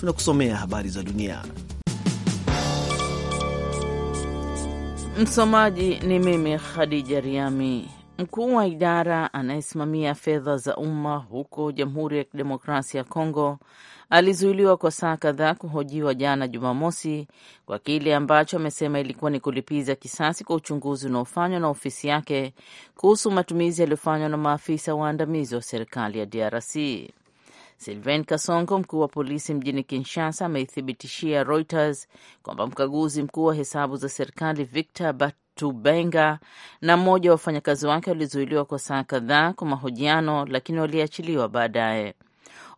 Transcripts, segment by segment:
tunakusomea habari za dunia. Msomaji ni mimi Khadija Riami. Mkuu wa idara anayesimamia fedha za umma huko Jamhuri ya Kidemokrasia ya Kongo alizuiliwa kwa saa kadhaa kuhojiwa jana Jumamosi kwa kile ambacho amesema ilikuwa ni kulipiza kisasi kwa uchunguzi unaofanywa na ofisi yake kuhusu matumizi yaliyofanywa na maafisa waandamizi wa serikali ya DRC. Sylvain Kasongo, mkuu wa polisi mjini Kinshasa, ameithibitishia Reuters kwamba mkaguzi mkuu wa hesabu za serikali Victor Batubenga na mmoja wa wafanyakazi wake walizuiliwa kwa saa kadhaa kwa mahojiano, lakini waliachiliwa baadaye.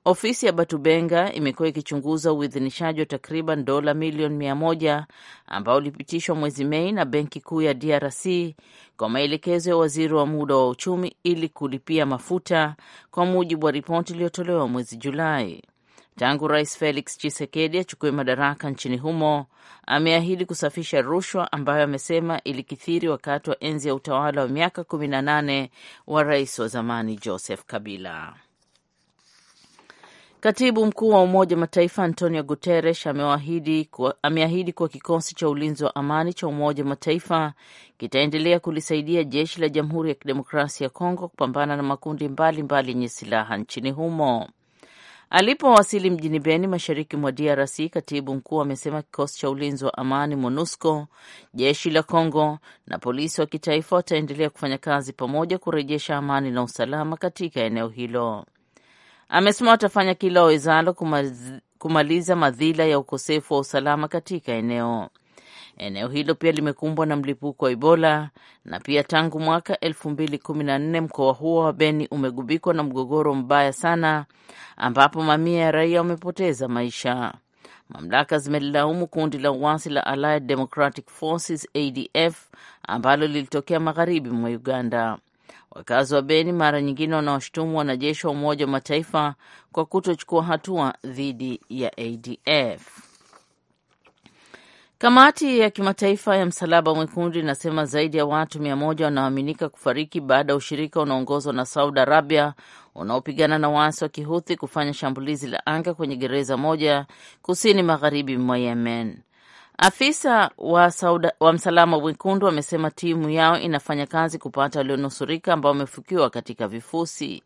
Ofisi ya Batubenga imekuwa ikichunguza uidhinishaji wa takriban dola milioni mia moja ambao ulipitishwa mwezi Mei na Benki Kuu ya DRC kwa maelekezo ya waziri wa muda wa uchumi ili kulipia mafuta, kwa mujibu wa ripoti iliyotolewa mwezi Julai. Tangu Rais Felix chisekedi achukue madaraka nchini humo, ameahidi kusafisha rushwa ambayo amesema ilikithiri wakati wa enzi ya utawala wa miaka 18 wa rais wa zamani Joseph Kabila. Katibu mkuu wa Umoja wa Mataifa Antonio Guterres ameahidi kuwa kikosi cha ulinzi wa amani cha Umoja wa Mataifa kitaendelea kulisaidia jeshi la Jamhuri ya Kidemokrasia ya Kongo kupambana na makundi mbalimbali yenye silaha nchini humo. Alipowasili mjini Beni, mashariki mwa DRC, katibu mkuu amesema kikosi cha ulinzi wa amani MONUSCO, jeshi la congo na polisi wa kitaifa wataendelea kufanya kazi pamoja kurejesha amani na usalama katika eneo hilo amesema watafanya kila wawezalo kumaliza madhila ya ukosefu wa usalama katika eneo. Eneo hilo pia limekumbwa na mlipuko wa Ebola na pia tangu mwaka elfu mbili kumi na nne mkoa huo wa Beni umegubikwa na mgogoro mbaya sana, ambapo mamia ya raia wamepoteza maisha. Mamlaka zimelilaumu kundi la uasi la Allied Democratic Forces ADF ambalo lilitokea magharibi mwa Uganda. Wakazi wa Beni mara nyingine wanaoshutumu wanajeshi wa Umoja wa Mataifa kwa kutochukua hatua dhidi ya ADF. Kamati ya kimataifa ya Msalaba Mwekundu inasema zaidi ya watu mia moja wanaoaminika kufariki baada ya ushirika unaoongozwa na Saudi Arabia unaopigana na waasi wa kihuthi kufanya shambulizi la anga kwenye gereza moja kusini magharibi mwa Yemen. Afisa wa, sauda, wa Msalama Mwekundu amesema timu yao inafanya kazi kupata walionusurika ambao wamefukiwa katika vifusi.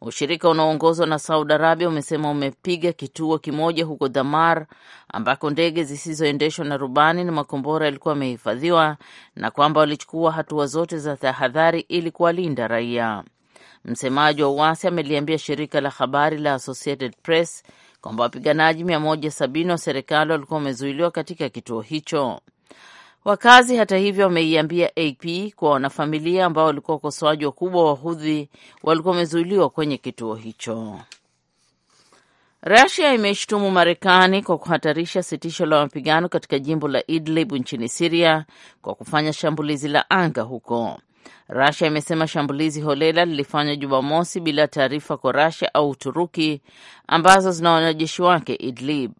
Ushirika unaoongozwa na Saudi Arabia umesema umepiga kituo kimoja huko Dhamar ambako ndege zisizoendeshwa na rubani na makombora yalikuwa yamehifadhiwa na kwamba walichukua hatua zote za tahadhari ili kuwalinda raia. Msemaji wa uasi ameliambia shirika la habari la Associated Press kwamba wapiganaji 170 wa serikali walikuwa wamezuiliwa katika kituo hicho. Wakazi hata hivyo wameiambia AP kuwa wanafamilia ambao walikuwa wakosoaji wakubwa wa Hudhi walikuwa wamezuiliwa kwenye kituo hicho. Rasia imeshtumu Marekani kwa kuhatarisha sitisho la mapigano katika jimbo la Idlib nchini Siria kwa kufanya shambulizi la anga huko. Rasia imesema shambulizi holela lilifanywa Jumamosi bila taarifa kwa Rasia au Uturuki ambazo zina wanajeshi wake Idlib.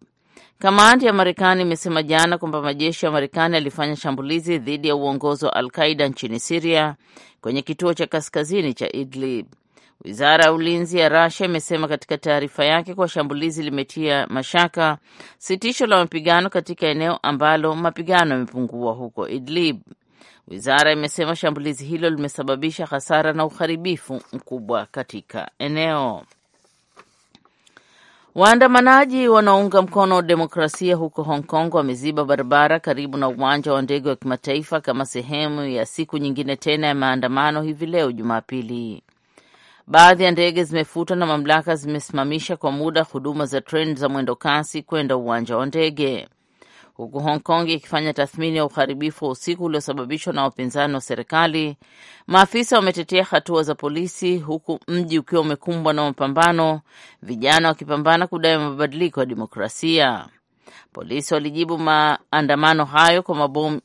Kamandi ya Marekani imesema jana kwamba majeshi ya Marekani yalifanya shambulizi dhidi ya uongozi wa Al Qaida nchini Siria kwenye kituo cha kaskazini cha Idlib. Wizara ya ulinzi ya Rasia imesema katika taarifa yake kuwa shambulizi limetia mashaka sitisho la mapigano katika eneo ambalo mapigano yamepungua huko Idlib. Wizara imesema shambulizi hilo limesababisha hasara na uharibifu mkubwa katika eneo. Waandamanaji wanaounga mkono demokrasia huko Hong Kong wameziba barabara karibu na uwanja wa ndege wa kimataifa kama sehemu ya siku nyingine tena ya maandamano hivi leo Jumapili. Baadhi ya ndege zimefutwa na mamlaka zimesimamisha kwa muda huduma za treni za mwendo kasi kwenda uwanja wa ndege huku Hong Kong ikifanya tathmini ya uharibifu wa usiku uliosababishwa na wapinzani wa serikali. Maafisa wametetea hatua za polisi, huku mji ukiwa umekumbwa na mapambano, vijana wakipambana kudai mabadiliko ya demokrasia. Polisi walijibu maandamano hayo kwa mabomu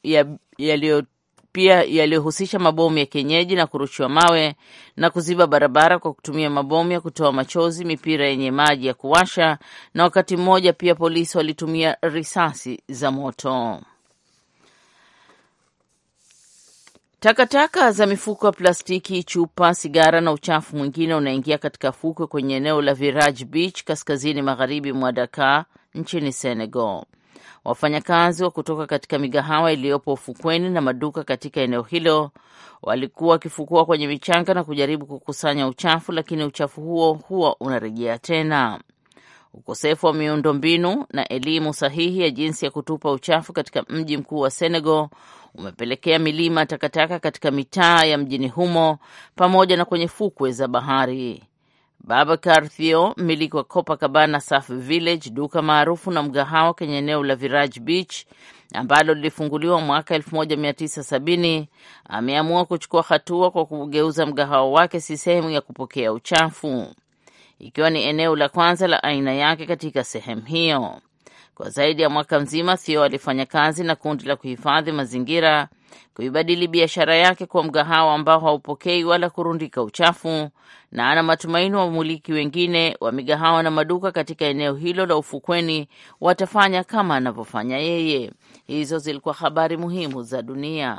yaliyo pia yaliyohusisha mabomu ya kienyeji na kurushiwa mawe na kuziba barabara kwa kutumia mabomu ya kutoa machozi, mipira yenye maji ya kuwasha, na wakati mmoja pia polisi walitumia risasi za moto. Takataka taka za mifuko ya plastiki, chupa, sigara na uchafu mwingine unaingia katika fukwe kwenye eneo la Viraj Beach kaskazini magharibi mwa Dakar nchini Senegal. Wafanyakazi wa kutoka katika migahawa iliyopo ufukweni na maduka katika eneo hilo walikuwa wakifukua kwenye michanga na kujaribu kukusanya uchafu, lakini uchafu huo huwa unarejea tena. Ukosefu wa miundombinu na elimu sahihi ya jinsi ya kutupa uchafu katika mji mkuu wa Senegal umepelekea milima takataka katika mitaa ya mjini humo pamoja na kwenye fukwe za bahari. Babacar Theo, mmiliki wa Copacabana Surf Village, duka maarufu na mgahawa kwenye eneo la Viraj Beach ambalo lilifunguliwa mwaka 1970 ameamua kuchukua hatua kwa kugeuza mgahawa wake si sehemu ya kupokea uchafu, ikiwa ni eneo la kwanza la aina yake katika sehemu hiyo. Kwa zaidi ya mwaka mzima, thio alifanya kazi na kundi la kuhifadhi mazingira kuibadili biashara yake kwa mgahawa ambao haupokei wala kurundika uchafu, na ana matumaini wamiliki wengine wa migahawa na maduka katika eneo hilo la ufukweni watafanya kama anavyofanya yeye. Hizo zilikuwa habari muhimu za dunia.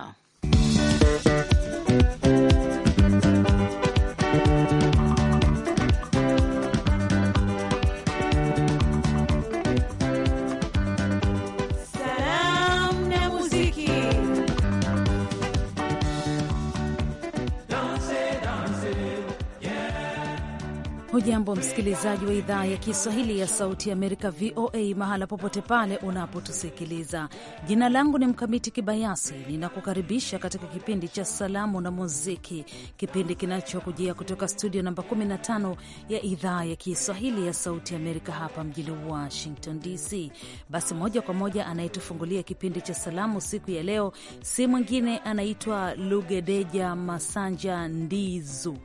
Hujambo msikilizaji wa idhaa ya Kiswahili ya Sauti Amerika, VOA, mahala popote pale unapotusikiliza. Jina langu ni Mkamiti Kibayasi, ninakukaribisha katika kipindi cha Salamu na Muziki, kipindi kinachokujia kutoka studio namba 15 ya idhaa ya Kiswahili ya Sauti Amerika hapa mjini Washington DC. Basi moja kwa moja anayetufungulia kipindi cha salamu siku ya leo si mwingine, anaitwa Lugedeja Masanja Ndizu.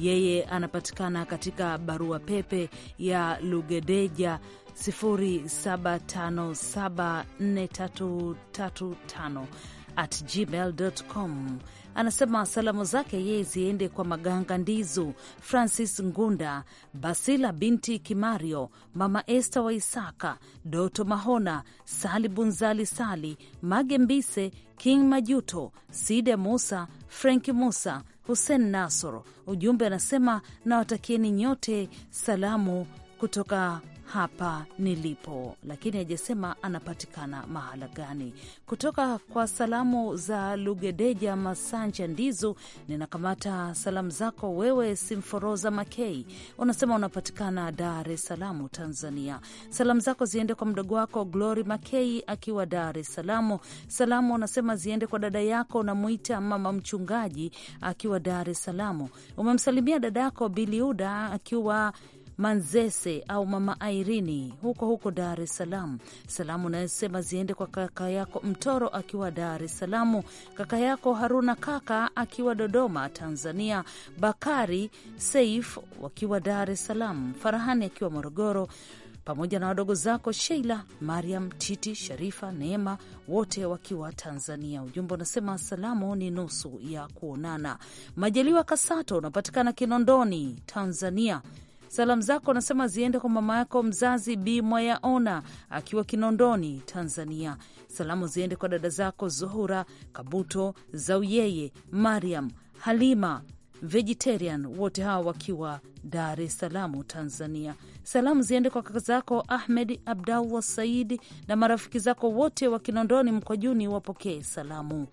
Yeye anapatikana katika barua pepe ya lugedeja 07574335 at gmail.com. Anasema salamu zake yeye ziende kwa Maganga Ndizu, Francis Ngunda, Basila binti Kimario, Mama Esta wa Isaka, Doto Mahona, Sali Bunzali, Sali Mage Mbise, King Majuto, side Musa, Franki Musa Hussein Nasor. Ujumbe anasema nawatakieni nyote salamu kutoka hapa nilipo, lakini hajasema anapatikana mahala gani. Kutoka kwa salamu za Lugedeja Masanja Ndizu, ninakamata salamu zako wewe, Simforoza Makei, unasema unapatikana Dar es Salaam, Tanzania. Salamu zako ziende kwa mdogo wako Glory Makei akiwa Dar es Salaam. Salamu unasema ziende kwa dada yako unamwita mama mchungaji akiwa Dar es Salaam. Umemsalimia dada yako Biliuda akiwa Manzese au mama Airini huko huko Dar es Salaam. Salamu unayosema ziende kwa kaka yako Mtoro akiwa Dar es Salaam, kaka yako Haruna kaka akiwa Dodoma Tanzania, Bakari Seif wakiwa Dar es Salaam, Farahani akiwa Morogoro pamoja na wadogo zako Sheila, Mariam, Titi, Sharifa, Neema, wote wakiwa Tanzania. Ujumbe unasema salamu ni nusu ya kuonana. Majaliwa Kasato unapatikana Kinondoni, Tanzania. Salamu zako anasema ziende kwa mama yako mzazi Bi Mwayaona akiwa Kinondoni, Tanzania. Salamu ziende kwa dada zako Zuhura Kabuto, Zauyeye, Mariam, Halima vegetarian wote hawa wakiwa Dar es Salaam, Tanzania. Salamu ziende kwa kaka zako Ahmed Abdallah Saidi na marafiki zako wote wa Kinondoni Mkwajuni, wapokee salamu.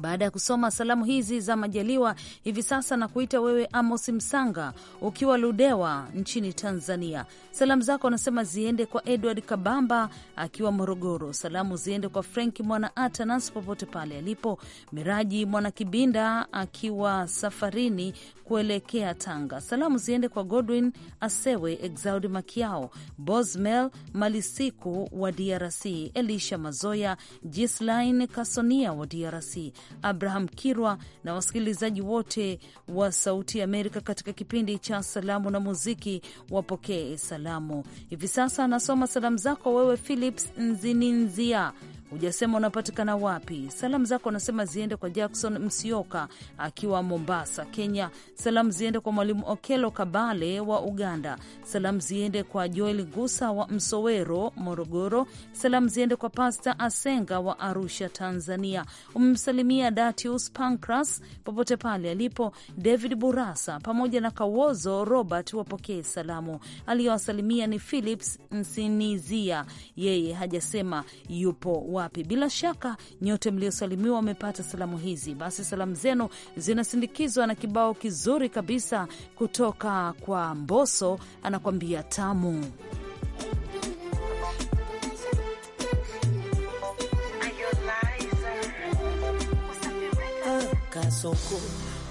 Baada ya kusoma salamu hizi za Majaliwa, hivi sasa na kuita wewe Amos Msanga ukiwa Ludewa nchini Tanzania. Salamu zako anasema ziende kwa Edward Kabamba akiwa Morogoro. Salamu ziende kwa Frank Mwana Atanas popote pale alipo, Miraji Mwana Kibinda akiwa safarini kuelekea Tanga. Salamu ziende kwa Godwin Asewe, Exaudi Makiao, Bosmel Malisiku wa DRC, Elisha Mazoya, jislin Kasonia wa DRC. Abraham Kirwa na wasikilizaji wote wa Sauti ya Amerika katika kipindi cha Salamu na Muziki, wapokee salamu hivi sasa. Anasoma salamu zako wewe, Philips Nzininzia hujasema unapatikana wapi. Salamu zako anasema ziende kwa Jackson Msioka akiwa Mombasa, Kenya. Salamu ziende kwa Mwalimu Okelo Kabale wa Uganda. Salamu ziende kwa Joel Gusa wa Msowero, Morogoro. Salamu ziende kwa Pasta Asenga wa Arusha, Tanzania. Umemsalimia Datius Pancras popote pale alipo, David Burasa pamoja na Kawozo Robert, wapokee salamu. Aliyowasalimia ni Philips Nsinizia, yeye hajasema yupo wapi. Bila shaka nyote mliosalimiwa wamepata salamu hizi, basi salamu zenu zinasindikizwa na kibao kizuri kabisa kutoka kwa Mboso, anakwambia tamu.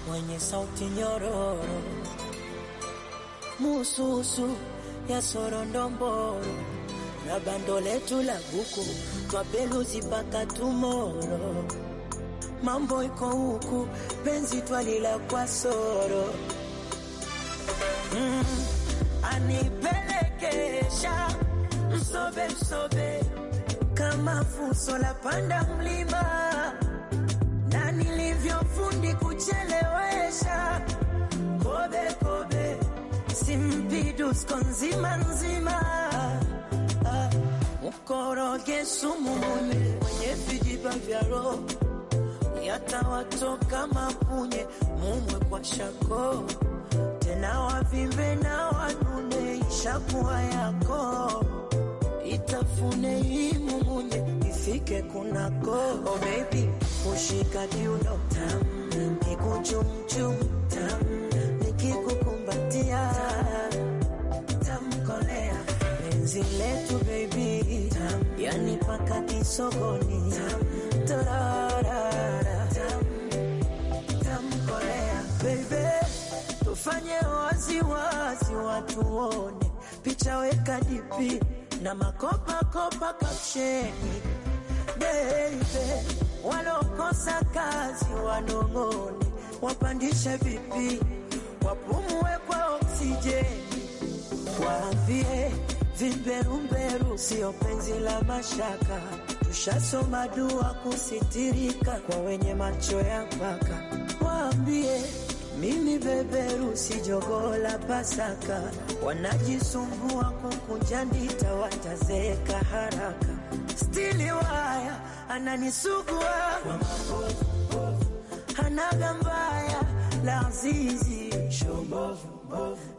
mwenye sauti nyororo, mususu ya sorondomboro na bando letu la buku twapeluzi paka tumoro, mambo iko huku penzi twalila kwa soro mm, anipelekesha msobe msobe kama fuso la panda mlima na nilivyofundi kuchelewesha kobe kobe simpidusko nzima nzima mkoroge sumu mwenye vijiba vya roho yatawatoka mapunye mumwe kwa shako tena wavimbe na wanune ishakuwa yako itafune hii imumunye ifike kunako oh baby kushika kiuno nikuchumchum nikikukumbatia ziletu baby, yani paka kisogoni tararara tamkorea baby, tufanye wazi wazi watu wone picha, weka dipi na makopa kopa kapsheni baby, walokosa kazi wanong'one, wapandishe vipi, wapumue kwa oksijeni, waambie Vimberumberu sio penzi la mashaka, tushasoma dua kusitirika kwa wenye macho ya mpaka Waambie mimi beberu si Pasaka, wanajisumbua kukunja ndita, watazeeka haraka. Stili waya ananisugua hanaga mbaya la azizi shobovu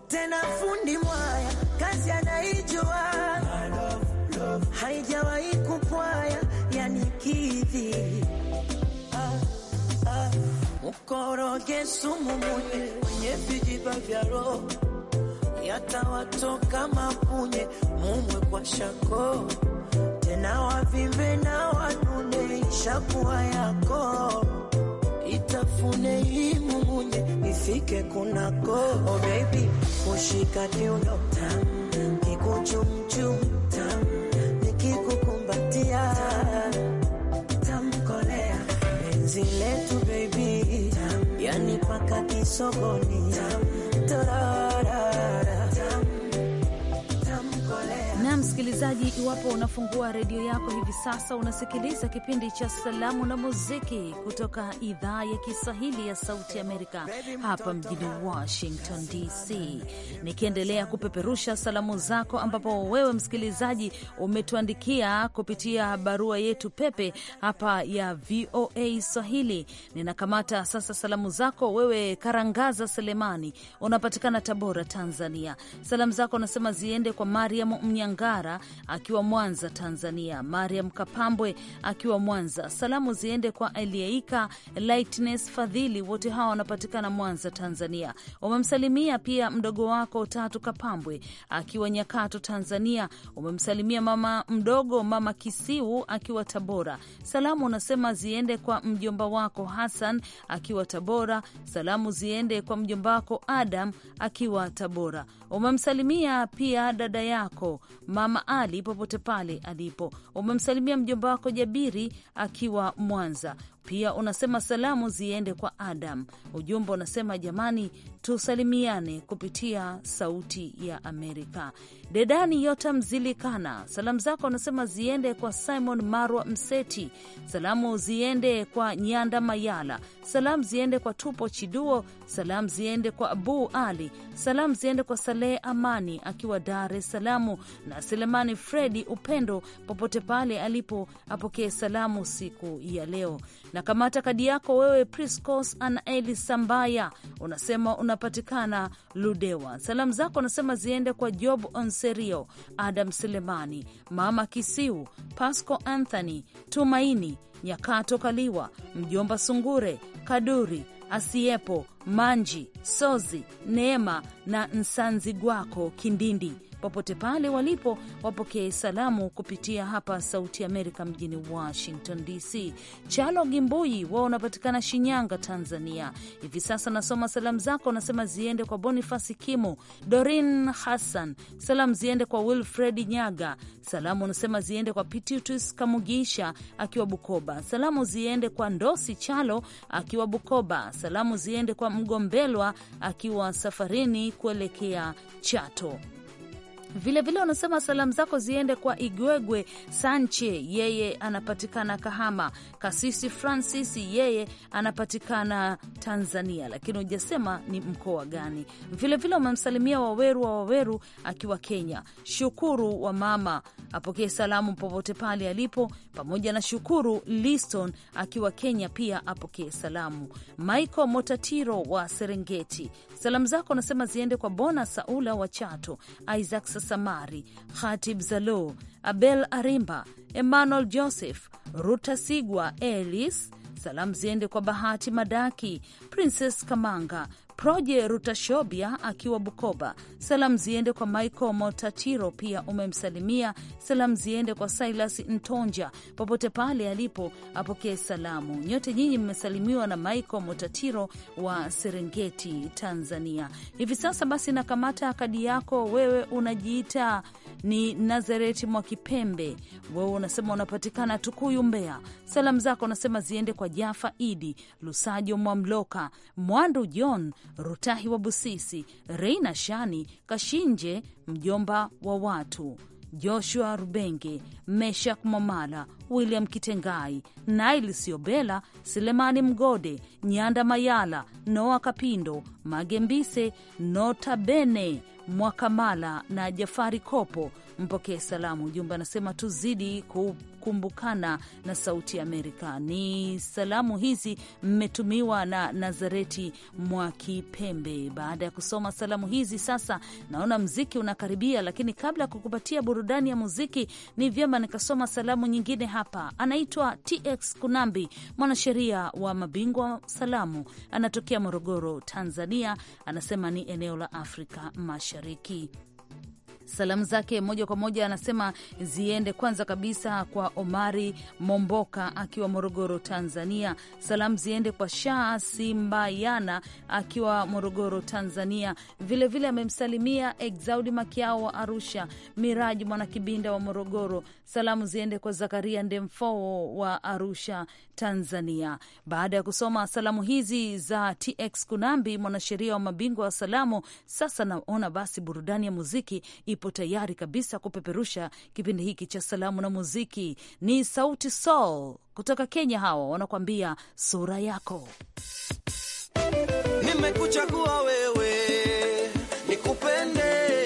tena fundi mwaya, kazi anaijua, haijawahi kupwaya, yani kidhi ukoroge sumu munye kwenye vijiba vya roho yatawatoka mapunye mumwe kwa shako tena wavimbe na wanune ishakuwa yako itafune imungunye ifike kunako oh baby mushika kiuno kikuchumchum nikikukumbatia tamkolea penzi letu baby yani paka kisogoni toro Msikilizaji, iwapo unafungua redio yako hivi sasa, unasikiliza kipindi cha Salamu na Muziki kutoka idhaa ya Kiswahili ya Sauti Amerika hapa mjini Washington DC, nikiendelea kupeperusha salamu zako, ambapo wewe msikilizaji umetuandikia kupitia barua yetu pepe hapa ya VOA Swahili. Ninakamata sasa salamu zako wewe, Karangaza Selemani, unapatikana Tabora, Tanzania. Salamu zako unasema ziende kwa Mariam Mnyangara akiwa Mwanza, Tanzania. Mariam Kapambwe akiwa Mwanza. Salamu ziende kwa Eliaika Lightness Fadhili, wote hawa wanapatikana Mwanza, Tanzania. Umemsalimia pia mdogo wako Tatu Kapambwe akiwa Nyakato, Tanzania. Umemsalimia mama mdogo mama Kisiu akiwa Tabora. Salamu unasema ziende kwa mjomba wako Hassan akiwa Tabora. Salamu ziende kwa mjomba wako Adam akiwa Tabora. Umemsalimia pia dada yako mama mahali popote pale alipo. Umemsalimia mjomba wako Jabiri akiwa Mwanza, pia unasema salamu ziende kwa Adam. Ujumbe unasema jamani, tusalimiane kupitia Sauti ya Amerika. Dedani Yota Mzilikana, salamu zako unasema ziende kwa Simon Marwa Mseti, salamu ziende kwa Nyanda Mayala, salamu ziende kwa Tupo Chiduo, salamu ziende kwa Abu Ali, salamu ziende kwa Salehe Amani akiwa Dar es Salaam na Selemani Fredi Upendo, popote pale alipo apokee salamu siku ya leo na kamata kadi yako wewe. Priscos Anaeli Sambaya unasema unapatikana Ludewa. Salamu zako unasema ziende kwa Job Onserio, Adam Selemani, Mama Kisiu, Pasco Anthony, Tumaini Nyakato, Kaliwa Mjomba, Sungure Kaduri, Asiepo Manji, Sozi, Neema na Nsanzi Gwako Kindindi popote pale walipo, wapokee salamu kupitia hapa Sauti Amerika mjini Washington DC. Chalo gimbui wao unapatikana Shinyanga, Tanzania. Hivi sasa nasoma salamu zako, nasema ziende kwa Bonifasi Kimo, Dorin Hassan, salamu ziende kwa Wilfred Nyaga, salamu unasema ziende kwa Pititus Kamugisha akiwa Bukoba, salamu ziende kwa Ndosi Chalo akiwa Bukoba, salamu ziende kwa Mgombelwa akiwa safarini kuelekea Chato. Vilevile wanasema vile salamu zako ziende kwa Igwegwe Sanche, yeye anapatikana Kahama. Kasisi Francis, yeye anapatikana Tanzania, lakini hujasema ni mkoa gani. Vilevile wamemsalimia Waweru wa Waweru akiwa Kenya. Shukuru wa mama apokee salamu popote pale alipo, pamoja na Shukuru Liston akiwa Kenya pia apokee salamu. Michael Motatiro wa Serengeti, salamu zako anasema ziende kwa Bona Saula wa Chato, Isaac Samari, Khatib Zalo, Abel Arimba, Emmanuel Joseph, Ruta Sigwa, Elis. Salamu ziende kwa Bahati Madaki, Princess Kamanga, Proje Rutashobia akiwa Bukoba. Salamu ziende kwa Michael Motatiro, pia umemsalimia. Salamu ziende kwa Silas Ntonja, popote pale alipo apokee salamu. Nyote nyinyi mmesalimiwa na Michael Motatiro wa Serengeti, Tanzania. Hivi sasa basi nakamata kadi yako, wewe unajiita ni Nazareti kipembe wewe unasema unapatikana Tukuyu, Mbeya. Salamu zako unasema ziende kwa Jafa Idi Lusajo, Mwamloka Mwandu, John Rutahi wa Busisi, Reina Shani Kashinje, mjomba wa watu Joshua Rubenge, Meshak Momala, William Kitengai, Nail Siobela, Selemani Mgode, Nyanda Mayala, Noa Kapindo, Magembise, Notabene Mwakamala na Jafari Kopo. Mpokee salamu. Ujumbe anasema tuzidi ku kukumbukana na Sauti Amerika. Ni salamu hizi mmetumiwa na Nazareti mwa Kipembe. Baada ya kusoma salamu hizi, sasa naona mziki unakaribia, lakini kabla ya kukupatia burudani ya muziki, ni vyema nikasoma salamu nyingine hapa. Anaitwa TX Kunambi, mwanasheria wa mabingwa salamu, anatokea Morogoro, Tanzania. Anasema ni eneo la Afrika Mashariki. Salamu zake moja kwa moja anasema ziende kwanza kabisa kwa Omari Momboka akiwa Morogoro, Tanzania. Salamu ziende kwa Shaa Simbayana akiwa Morogoro, Tanzania. Vilevile amemsalimia vile Exaudi Makiao wa Arusha, Miraji Mwanakibinda wa Morogoro. Salamu ziende kwa Zakaria Ndemfoo wa Arusha, Tanzania. Baada ya kusoma salamu hizi za TX Kunambi, mwanasheria wa mabingwa wa salamu, sasa naona basi burudani ya muziki ipo tayari kabisa kupeperusha kipindi hiki cha salamu na muziki. Ni Sauti Sol kutoka Kenya, hawa wanakuambia sura yako. Nimekuchagua wewe nikupende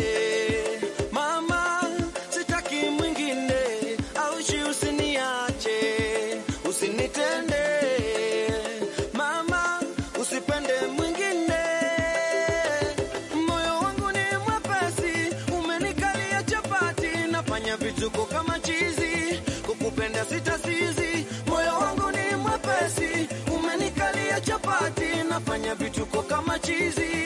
kama chizi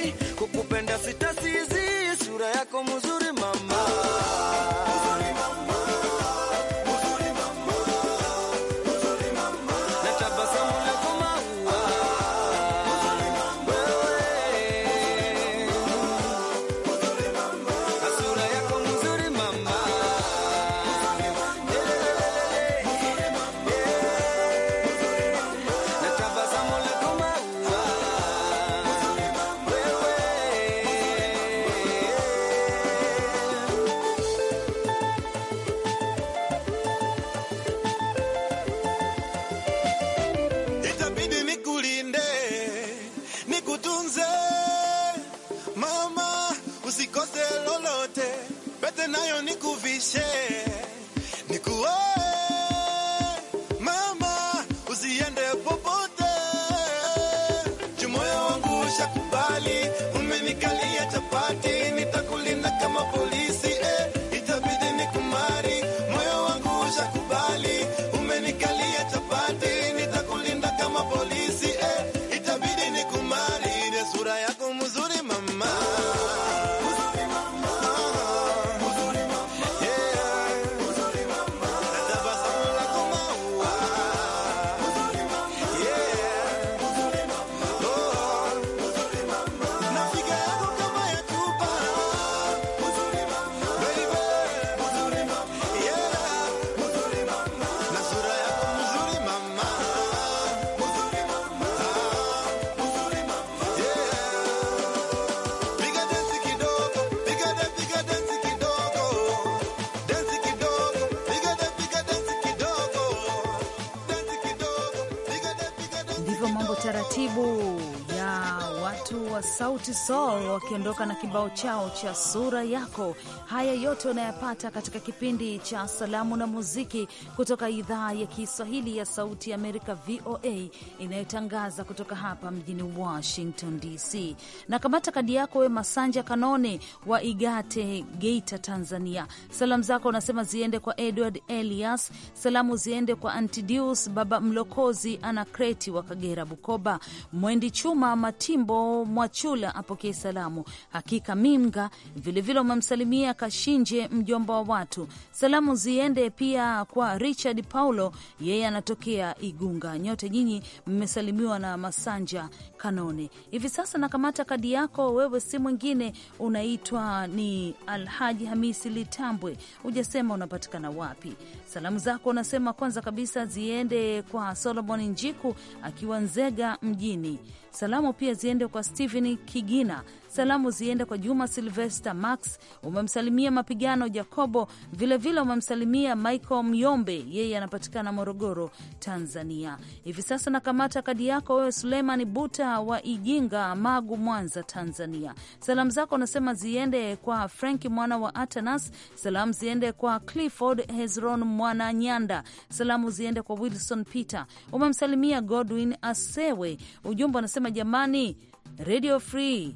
Sauti Sol wakiondoka na kibao chao cha sura yako Haya yote unayapata katika kipindi cha salamu na muziki kutoka idhaa ya Kiswahili ya Sauti ya Amerika, VOA, inayotangaza kutoka hapa mjini Washington DC. Na kamata kadi yako we Masanja Kanone wa Igate, Geita, Tanzania. Salamu zako unasema ziende kwa Edward Elias, salamu ziende kwa Antidius Baba Mlokozi, Anakreti wa Kagera, Bukoba, Mwendi Chuma Matimbo Mwachula apokee salamu. Hakika mimga vilevile umemsalimia Kashinje, mjomba wa watu. Salamu ziende pia kwa Richard Paulo, yeye anatokea Igunga. Nyote nyinyi mmesalimiwa na Masanja Kanone. Hivi sasa nakamata kadi yako, wewe si mwingine, unaitwa ni Alhaji Hamisi Litambwe. Hujasema unapatikana wapi. Salamu zako unasema kwanza kabisa ziende kwa Solomon Njiku akiwa Nzega mjini. Salamu pia ziende kwa stehen Kigina. Salamu ziende kwa Juma Silvester Max. Umemsalimia Mapigano Jacobo, vilevile umemsalimia Michael Myombe, yeye anapatikana Morogoro, Tanzania. Hivi sasa nakamata kadi yako wewe, Suleimani Buta wa ijinga Magu, Mwanza, Tanzania. Salamu zako anasema ziende kwa Frank mwana wa Atanas, salamu ziende kwa Clifford Hezron mwana Nyanda, salamu ziende kwa Wilson Peter, umemsalimia Godwin Asewe. Ujumbe anasema jamani, Radio Free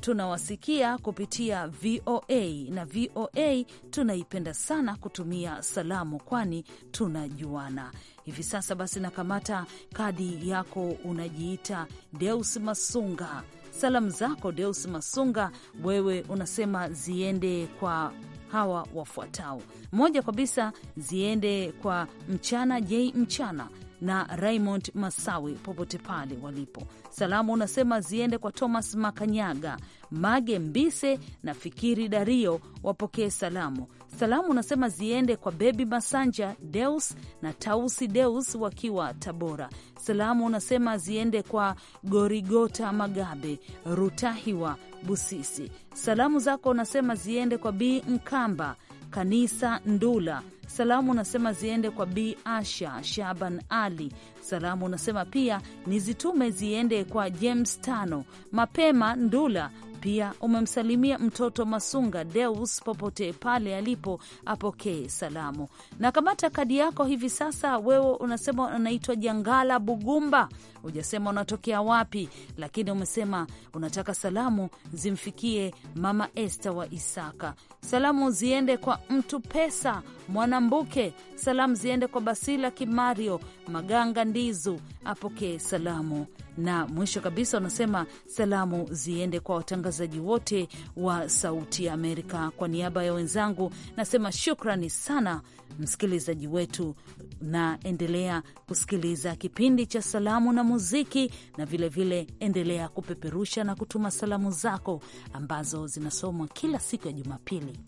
tunawasikia kupitia VOA na VOA tunaipenda sana kutumia salamu, kwani tunajuana hivi sasa. Basi nakamata kadi yako, unajiita Deus Masunga. Salamu zako Deus Masunga, wewe unasema ziende kwa hawa wafuatao. Moja kabisa ziende kwa Mchana J Mchana na Raymond Masawi popote pale walipo. Salamu unasema ziende kwa Thomas Makanyaga, Mage Mbise na Fikiri Dario, wapokee salamu. Salamu unasema ziende kwa Bebi Masanja Deus na Tausi Deus wakiwa Tabora. Salamu unasema ziende kwa Gorigota Magabe, Rutahiwa Busisi. Salamu zako unasema ziende kwa Bi Mkamba, Kanisa Ndula Salamu unasema ziende kwa Bi Asha Shaban Ali. Salamu unasema pia nizitume ziende kwa James Tano Mapema Ndula. Pia umemsalimia mtoto Masunga Deus popote pale alipo apokee salamu. Na kamata kadi yako hivi sasa. Wewe unasema unaitwa Jangala Bugumba, hujasema unatokea wapi, lakini umesema unataka salamu zimfikie Mama Esta wa Isaka. Salamu ziende kwa mtu pesa mwana Mambuke. Salamu ziende kwa Basila Kimario Maganga Ndizu, apokee salamu na mwisho kabisa wanasema salamu ziende kwa watangazaji wote wa Sauti ya Amerika. Kwa niaba ya wenzangu nasema shukrani sana msikilizaji wetu, na endelea kusikiliza kipindi cha Salamu na Muziki, na vilevile vile endelea kupeperusha na kutuma salamu zako ambazo zinasomwa kila siku ya Jumapili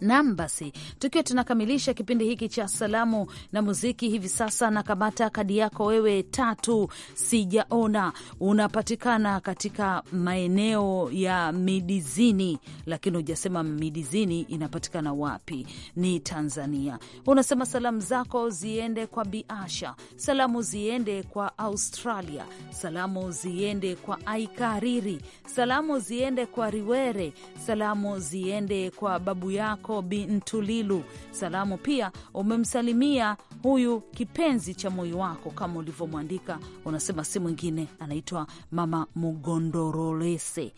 Nam, basi tukiwa tunakamilisha kipindi hiki cha salamu na muziki hivi sasa, na kamata kadi yako wewe, tatu sijaona. Unapatikana katika maeneo ya Midizini, lakini hujasema Midizini inapatikana wapi, ni Tanzania. Unasema salamu zako ziende kwa Biasha, salamu ziende kwa Australia, salamu ziende kwa Aikariri, salamu ziende kwa Riwere, salamu ziende kwa babu yako Jacobi Bintulilu. Salamu pia umemsalimia huyu kipenzi cha moyo wako kama ulivyomwandika, unasema si mwingine anaitwa Mama Mugondorolese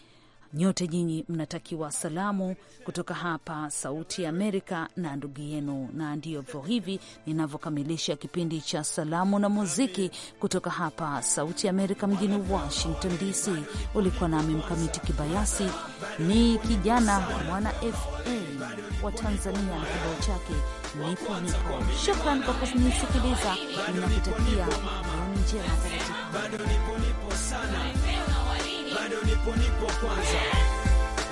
Nyote nyinyi mnatakiwa salamu kutoka hapa Sauti ya Amerika na ndugu yenu, na vyo hivi ninavyokamilisha kipindi cha Salamu na Muziki kutoka hapa Sauti ya Amerika mjini Washington DC. Ulikuwa nami Mkamiti Kibayasi, ni kijana mwana fa wa Tanzania, kibao chake nipo nipo. Shukran kwa kunisikiliza, ninakutakia jioni njema bado nipo nipo kwanza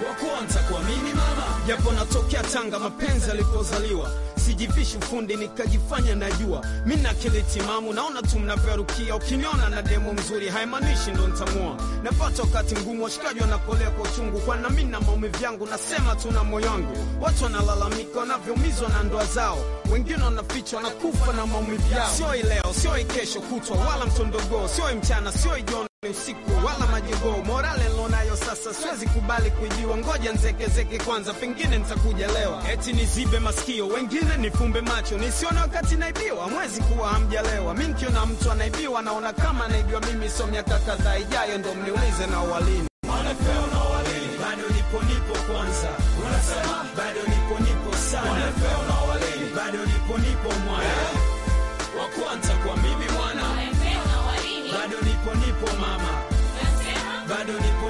wa kwanza kwa mimi mama, japo natokea Tanga, mapenzi alipozaliwa sijivishi ufundi nikajifanya najua mi na akili timamu, naona tu mnavyorukia. Ukiniona na demo mzuri haimaanishi ndo nitamua. Napata wakati mgumu, washikaji wanakolea kwa uchungu, kwana mi na maumivu yangu nasema tu na moyo wangu. Watu wanalalamika wanavyoumizwa na ndoa zao wengine wanaficha, wanakufa na maumivu yao. Sio leo, sio kesho kutwa, wala mtondogoo, sioi mchana, sio jioni usiku wala majogoo. Morale nilonayo sasa, siwezi kubali kuibiwa. Ngoja nzekezeke kwanza, pengine nitakuja lewa. Eti nizibe masikio, wengine nifumbe macho, nisione wakati naibiwa. Mwezi kuwa hamjalewa, mi nkiona mtu anaibiwa naona kama naibiwa mimi. So miaka kadhaa ijayo ndo mniulize na walini bado nipo nipo kwanza, unasema bado nipo nipo sana nipo nipo mwana yeah. wa kwanza kwa mimi mwana bado nipo nipo mama bado nipo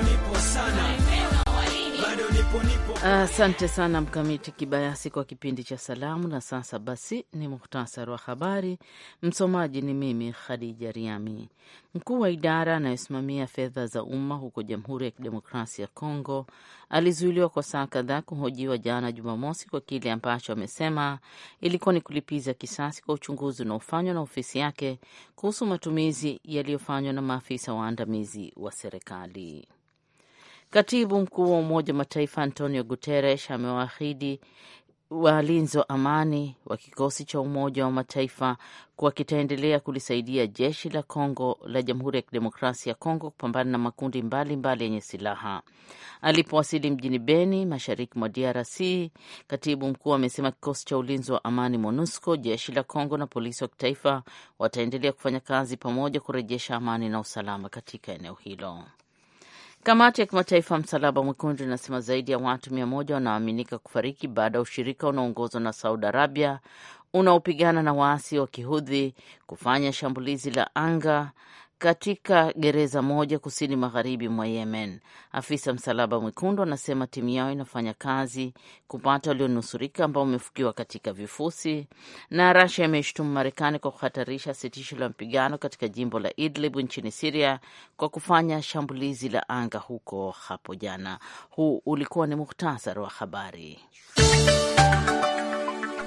Asante sana Mkamiti Kibayasi kwa kipindi cha salamu. Na sasa basi ni muhtasari wa habari. Msomaji ni mimi Khadija Riami. Mkuu wa idara anayosimamia fedha za umma huko Jamhuri ya Kidemokrasia ya Kongo alizuiliwa kwa saa kadhaa kuhojiwa jana Jumamosi kwa kile ambacho amesema ilikuwa ni kulipiza kisasi kwa uchunguzi unaofanywa na ofisi yake kuhusu matumizi yaliyofanywa na maafisa waandamizi wa serikali. Katibu mkuu wa Umoja wa Mataifa Antonio Guterres amewaahidi walinzi wa amani wa kikosi cha Umoja wa Mataifa kuwa kitaendelea kulisaidia jeshi la Kongo la Jamhuri ya Kidemokrasia ya Kongo kupambana na makundi mbalimbali yenye mbali silaha. Alipowasili mjini Beni, mashariki mwa DRC, katibu mkuu amesema kikosi cha ulinzi wa amani MONUSCO, jeshi la Kongo na polisi wa kitaifa wataendelea kufanya kazi pamoja kurejesha amani na usalama katika eneo hilo. Kamati ya kimataifa msalaba mwekundu inasema zaidi ya watu mia moja wanaoaminika kufariki baada ya ushirika unaoongozwa na Saudi Arabia unaopigana na waasi wa kihudhi kufanya shambulizi la anga katika gereza moja kusini magharibi mwa Yemen. Afisa Msalaba Mwekundu anasema timu yao inafanya kazi kupata walionusurika ambao wamefukiwa katika vifusi. Na Rasia imeshutumu Marekani kwa kuhatarisha sitisho la mapigano katika jimbo la Idlib nchini Siria kwa kufanya shambulizi la anga huko hapo jana. Huu ulikuwa ni muhtasari wa habari.